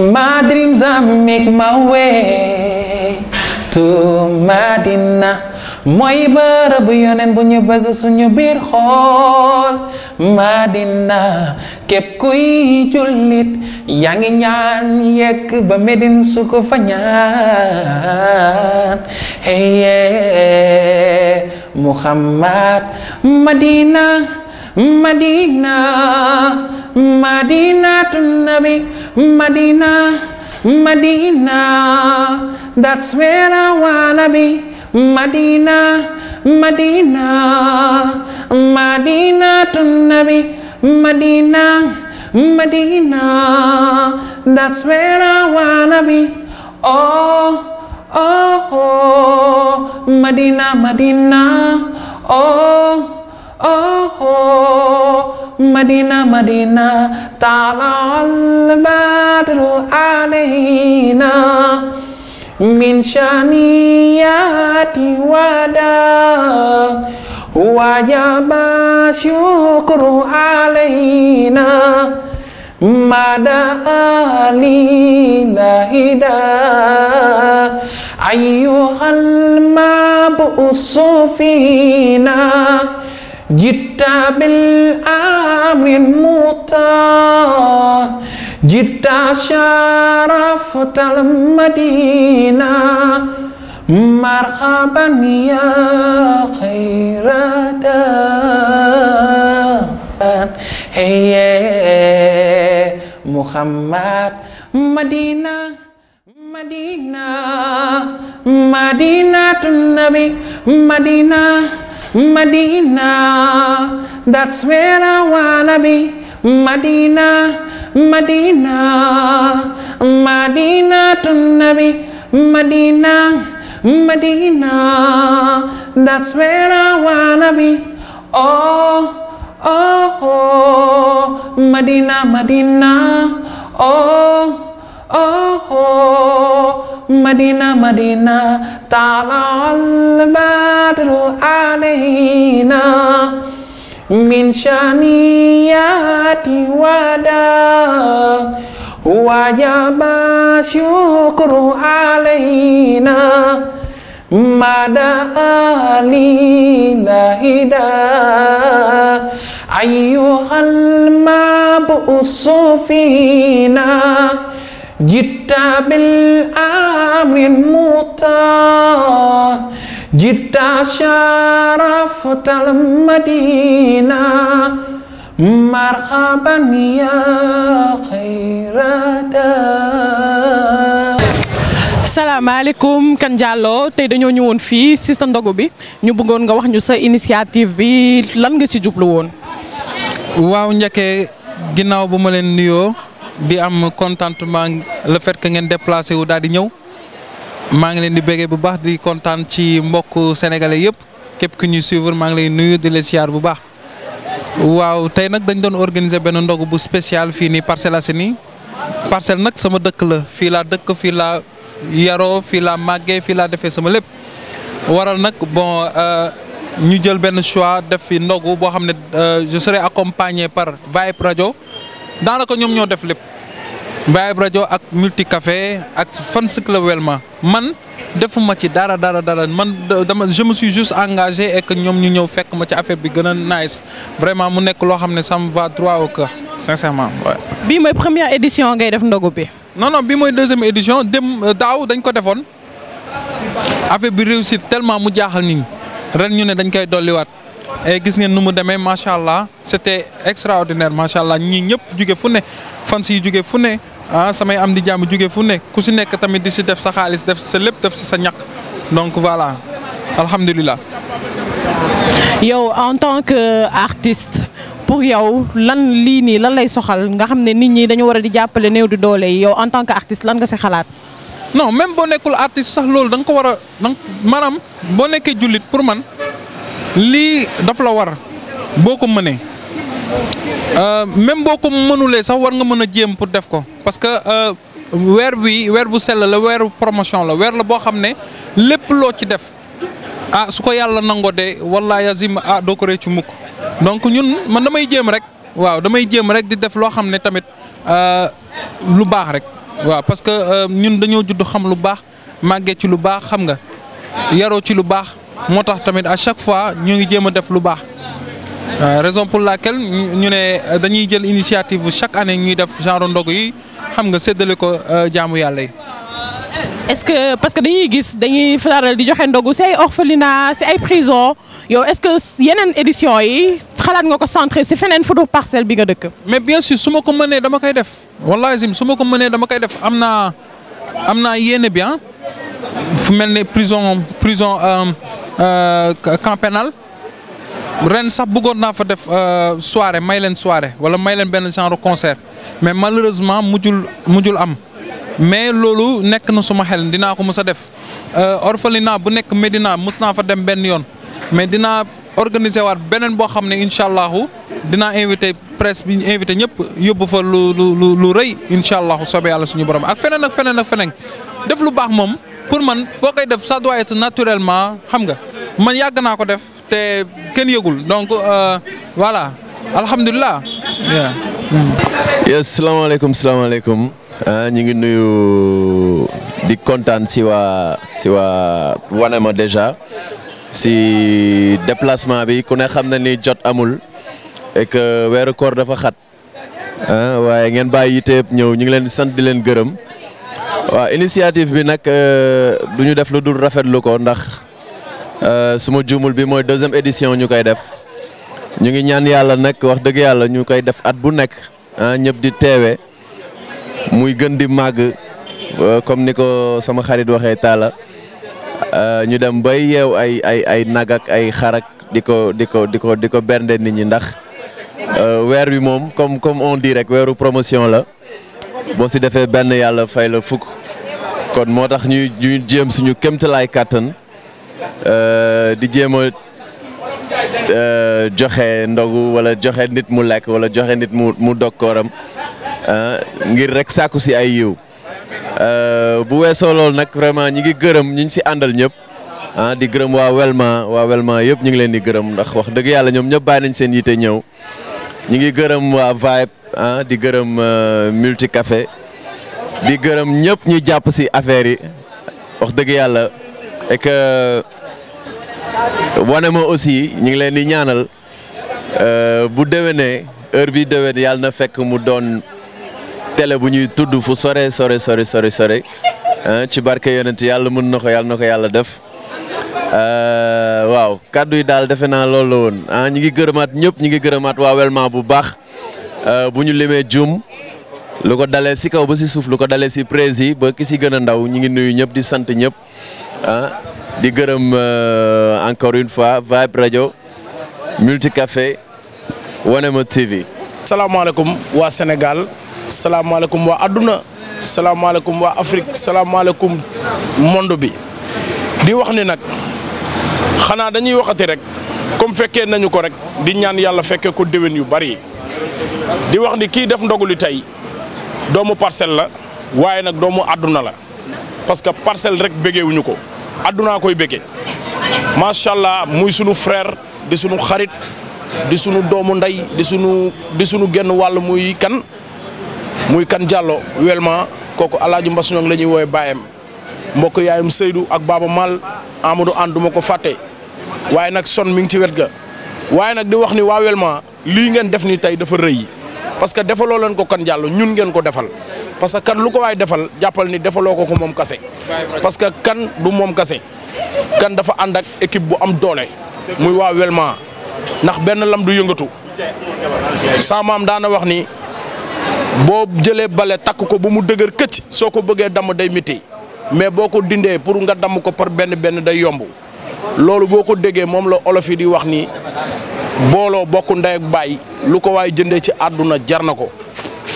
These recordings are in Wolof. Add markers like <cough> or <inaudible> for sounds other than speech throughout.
My dreams, I make my way to Madina. Mooy bërëb yonen bu bëgg suñu biir xool Madina kep kuy jullit yaa ngi ñaan yek ba Medine su fa ñaan heye Muhammad Madina Madina Madinatu Nabi Medina, Medina, that's where I wanna be. Medina, Medina, Medina to Nabi, Medina, Medina, that's where I wanna be. Oh, oh, oh, Medina, Medina, oh, oh, oh. Madinah Madinah ta'al badru alaina min syaniyati wada wajaba syukru alaina mada alina ida ayyuhal mabusufina Jita bil amrin muta Jita syaraf tal madinah Marhaban ya khairadan Heye Muhammad Madinah Madinah Madinah Nabi Madinah Medina, that's where I wanna be. Medina, Medina, Medina to Nabi. Medina, Medina, that's where I wanna be. Oh, oh, oh, Medina, Medina, oh, oh, oh. Madinah Madinah talal badru alaina min syaniyati wada wajaba syukru alaina mada alina ida ayyuhal mabu'usufina Jita bil amrin muta Jita syaraf tal Madinah Marhaban ya khairada Assalamualaikum kan Diallo tay dañu ñëwoon fi ci sa ndogu bi ñu bëggoon nga wax ñu sa initiative bi lan nga ci jublu woon waaw ñaké ginnaw buma len nuyo di am contentement le fait que ngeen déplacer wu daal di ñëw maa ngi leen di béggee bu baax di kontaan ci mbokk sénégalais yépp képp ku ñu suivre ma ngi lay nuyu di les siyaar bu baax waaw tey nak dañ doon organiser ben ndog bu spécial fii nii Parcelles Assainies parcelle nak sama dëkk la fi la dëkk fi la yaro fi la maggé fi la défé sama lépp waral nak bon euh, ñu jël ben choix def fi ndog bo xamné euh, je serai accompagné par Vibe Radio daanaka ñoom ñoo def lépp Vibe Radio ak Multi kafe ak Fans Club Welma man defuma ci dara dara dara man dama je me suis juste engagé et ñoom ñu ñëw fekk ma ci affaire bi gën a nice vraiment mu nekk loo xam ne ça me va droit au cœur sincèrement waaw. bii mooy première édition ngay def ndogu bi. non non bii mooy deuxième édition dem euh, daaw dañ ko defoon affaire bi réussir tellement mu jaaxal nit ren ñu ne dañ koy dolliwaat. et eh, gis ngeen numu mu machallah c'était allah extraordinaire machallah allah ñëpp juggé fu né fans yi juggé fu né ah samay am di jamm juggé fu né ku ci nekk tamit di ci def sa xaalis def sa lepp def ci sa ñak donc voilà alhamdulilah. yo en tant que artiste pour yow lan li ni lan lay soxal nga xamné nit ñi dañu wara di jappalé néw du doolé yow en tant que artiste lan nga si xalaat. non même bo nekul artiste sax lool dang ko wara pour man. lii daf la war boo ko mënee euh, même boo ko mënulee sax war nga mën a jéem pour def ko parce que euh, weer wi weer bu sell la weeru promotion la weer la boo xam ne lépp loo ci def ah su ko yàlla nangoo de wallaahi azim ah doo ko réccu mukk donc ñun man damay jéem rek waaw damay jéem rek di def loo xam ne tamit euh, lu baax rek waaw parce que ñun dañoo judd xam lu baax màggee ci lu baax xam nga yaroo ci lu baax. à chaque fois nous ngi def euh, raison pour laquelle ñu dañuy initiative chaque année ñuy def genre yi xam nga euh, est-ce que parce que dañuy gis dañuy di orphelinat prison est-ce que une édition yi xalat nga ko parcelle bi mais bien sûr dama koy def wallahi zim bien fu prison prison. Euh, Euh, camp pénal ren sax bëggoon naa fa def euh, soirée may leen soirée wala may leen benn genre concert mais malheureusement mujjul mujjul am mais loolu nekk na suma xel dinaa ko mës a def euh, orphelinat bu nekk Medina mës naa fa dem benn yoon mais dina organiser waat beneen boo xam ne incha allahu dinaa invité presse bi invité ñëpp yóbbu fa lu lu lu rëy incha allahu soobee yàlla suñu borom ak feneen ak feneen ak feneen def lu baax moom. pour man boo koy def ça doit être naturellement xam nga man yàgg naa ko def te kenn yëgul donc euh, voilà alhamdulilah. Hmm. yes salaamaaleykum salaamaaleykum euh, ñu ngi nuyu di kontaan si waa si waa Wanema déjà si déplacement bi ku ne xam na ni jot amul et que weeru koor dafa xat waaye ngeen bàyyi yitteeb ñëw ñu ngi leen di sant di leen gërëm. wa initiative bi nak euh, duñu def lu dul rafetlu ko ndax euh, suma jumul bi moy deuxième édition ñu koy def ñu ngi ñaan yalla nak wax deug yalla ñu def at bu nek ah, ñepp di téwé muy gën di mag euh, comme niko sama xarit waxé taala ñu dem bay yew ay ay ay nag ak ay xarak diko diko diko diko di nit ñi ndax bi mom comme comme on dit rek promotion la boo si defee benn yàlla fay la fukk kon moo tax ñuy jéem suñu kéemtalaay kàttan euh, di jéem a euh, joxe ndogu wala joxe nit mu lekk wala joxe nit mu mu dog kooram euh, ngir rek sàkku si ay yiw bu weesoo loolu nag vraiment ñi ngi gërëm ñi ngi si àndal ñëpp ah di gërëm waa Welma waa Welma yëpp ñu ngi leen di gërëm ndax wax dëgg yàlla ñoom ñëpp bàyyi nañ seen yite ñëw ñi ngi gërëm waa Vibe Ah, di gërëm euh, multi kafe di gërëm ñëpp ñi jàpp si affaire yi wax dëgg yàlla et wane ma aussi ñu ngi leen di ñaanal euh, bu déwénee heure bi déwén yàlla na fekk mu doon tele bu ñuy tudd fu sore sore sore sore sore ah, ci barke yonent yàlla mën na ko yàlla na ko yàlla def euh, waaw kàddu yi daal defe naa loolu la woon ah ñu ngi gërëmaat ñëpp ñu ngi gërëmaat waa Welma bu baax Euh, bu ñu limee jum lu ko dalee si kaw ba si suuf lu ko dalee si prési ba ki si gën ndaw ñu ngi nuyu ñëpp di sant ñëpp ah, di gërëm euh, encore une fois Vibe kafe wane Wanema TV. salaamaaleykum waa Sénégal salaamaaleykum waa adduna salaamaaleykum waa Afrique salaamaaleykum monde bi di wax ni nag xanaa dañuy waxati rek comme fekkee nañu ko rek di ñaan yàlla fekkee ko déwén yu bari. di wax ni ki def ndogu li domo doomu parcelle la waye nak doomu aduna la parce que parcel rek béggeewuñu ko aduna koy béggee macha allah muy sunu frère di suñu xarit di suñu doomu nday di suñu di suñu genn wal muy kan muy kan jallo welma kooku aladju mbas ñong lañuy woy bayam mbok yaayum Seydou ak Baba Mal Amadou An duma ko fàtte son mi ngi ci wet waaye nag di wax ni waa Wélma lii ngeen def ni tey dafa rëy parce que defaloo leen ko kan jàll ñun ngeen ko defal parce que kan lu ko waay defal jàppal ni defaloo ko ko moom kase parce que kan du moom kase kan dafa ànd ak équipe bu am doole muy waa Wélma ndax benn lam du yëngatu sa maam daana wax ni boo jëlee bale takk ko ba mu dëgër këcc soo ko bëggee damm day miti mais boo ko dindee pour nga damm ko par benn benn day yombu loolu boko ko mom la olof yi di wax ni bolo bokku nday ak bay lu ko way ci aduna jarnako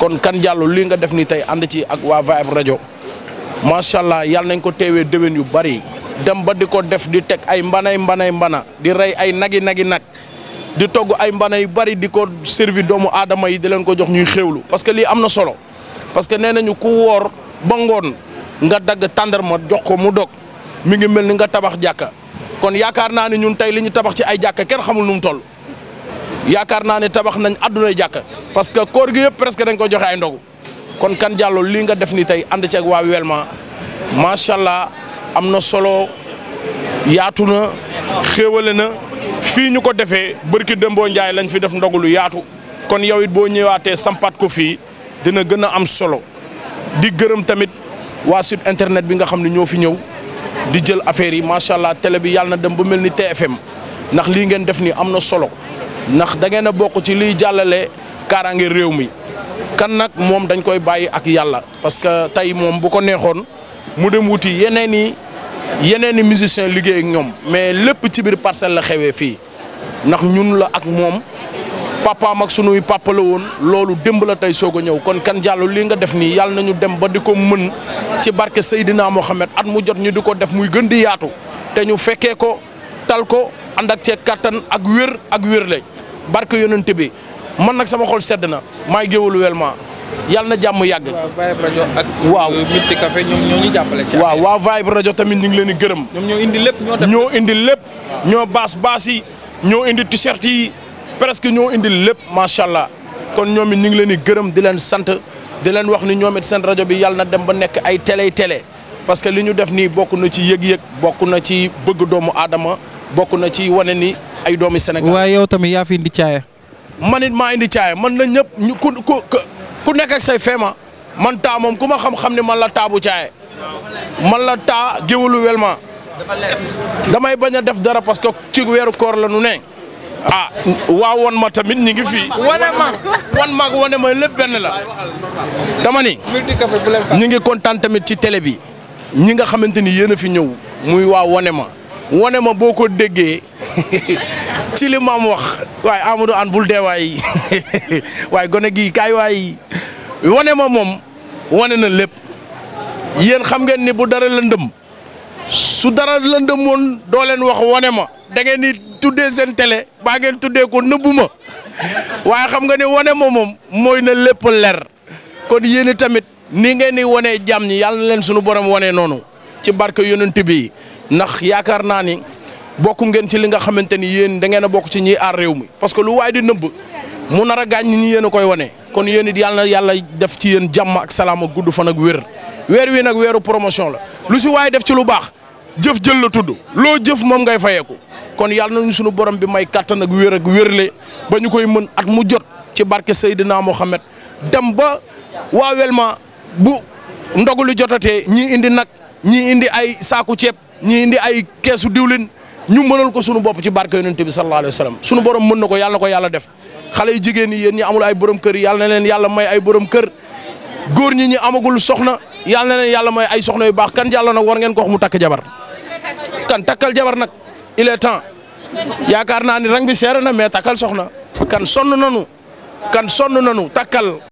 kon kan jallu linga nga def ni tay and ci ak wa Vibe rajo macha allah nañ ko yu bari dem ba diko def di tek ay mbanay mbanay mbana di ray ay nagi nagi nak di togg ay mbanay bari diko servi doomu adama yi di len ko jox ñuy xewlu parce que li amna solo parce que nenañu ku wor ba nga dag tandarma jox ko mu dog mi ngi melni nga tabax jaka kon yaakaar naa ne ñun tey li ñu tabax ci ay jàkk kenn xamul nu mu toll yaakaar naa ne tabax nañ addunay jàkka parce que koor gi yëpp presque dañ ko joxe ay ndogu kon kan jàllo lii nga def ni tey ànd ceeg ak waa Welma macha allah am na solo yaatu na xéewale na fii ñu ko defee barki Dembo Ndiaye lañ fi def ndogu lu yaatu kon yow it boo ñëwaatee sampat ko fii dina gën a am solo di gërëm tamit waa site internet bi nga xam ne ñoo fi ñëw. di jël affaire yi macha allah télé bi yàlla dem ba mel ni TFM ndax lii ngeen def nii am na solo ndax da ngeen a bokk ci li jàllale kaaraange réew mi kan nag moom dañ koy bàyyi ak yàlla parce que tey moom bu ko neexoon mu dem wuti yeneen i yeneen i musiciens liggéey ak ñoom mais lépp ci biir parcelle la xewee fii ndax ñun la ak moom. papaam ak sunuy papa la woon loolu démb la tey soog a ñëw kon kan jàllu lii nga def nii yàlla nañu dem ba di ko mën ci barke Seydina Mohamed at mu jot ñu di ko def muy gën di yaatu te ñu fekkee ko tal ko ànd ak cee kattan ak wér ak wér la barke yonent bi man nag sama xol sedd na maay géwalu Welma yàlla na jàmm yàgg. waaw Vibe rajo ak. waaw euh, Minti Café ñoom ñoo ñu jàppale ci waaw waaw Vibe rajo tamit ñu ngi leen di gërëm. ñoom ñoo indi lépp ñoo def ñoo ñoo baas baas yi ñoo indi t presque ñoo indi lépp macha allah kon ñoom ni ngi leni di di len sante di len wax ni ñoom sen radio bi yàlla na dem ba nek ay télé télé parce que li ñu def ni bokku na ci yeg yeg bokku na ci bëgg doomu adama bokku na ci wone ni ay doomi Sénégal. wa yow tamit ya fi indi caaya. man it indi caaya man na ñëpp ku ku nek ak say fema man ta mom kuma xam-xam ne man la taa bu caaya man la ta géwëlu Welma damay baña def dara parce que ci wëru koor la nu neeng ah waa won ma tamit ñi ngi fii. wane ma wan ma ak wane ma lépp benn la. dama ni. ñi tamit ci télé bi. ñi nga xamante ni yéen a fi ñëw. muy waa wone ma. wane ma boo ko déggee <laughs> ci li wax waaye Amadou An bul dee waay <laughs> waaye gone gi kaay waay wane ma moom wane na lépp yéen xam ngeen ni bu dara lëndëm su dara lëndëm woon doo wax wane ma da tuddee seen télé baa ngeen tuddee ko nëbbu ma waaye xam nga ne wane ma moom mooy na lépp leer kon yéen tamit nii ngeen di wanee jàmm ñi yàlla na leen sunu borom wanee noonu ci barke yonent bi ndax yaakaar naa ni bokku ngeen ci li nga xamante ni yéen da ngeen a bokk ci ñi aar réew mi parce que lu waay di nëbb mu nar a gaañ ñi yéen a koy wane kon yéen it yàlla na yàlla def ci yéen jàmm ak salaam ak gudd fan ak weer wi nag weeru promotion la lu si waay def ci lu baax. jëf jël la tudd loo jëf moom ngay fayeeku kon yàlla nañu sunu borom bi may kàttan ak wér ak wérle ba ñu koy mën at mu jot ci barke Seydina Mohamed dem ba waa Welma bu ndogu lu jotatee ñii indi nag ñii indi ay saaku ceeb ñii indi ay keesu diwlin ñu mënal ko sunu bopp ci barke yonent bi sallallahu alayhi wa sallam sunu borom mën na ko yàlla na ko yàlla def xale yi jigéen yi yéen ñi amul ay borom kër yàlla na leen yàlla may ay borom kër góor ñi ñi amagul soxna yàlla na leen yàlla may ay soxna yu baax kan yàlla war ngeen ko mu takk jabar kan takkal jabar nag il est temps yaakaar naa ni rang bi seere na mais takkal soxna kan sonn nanu kan sonn nanu takkal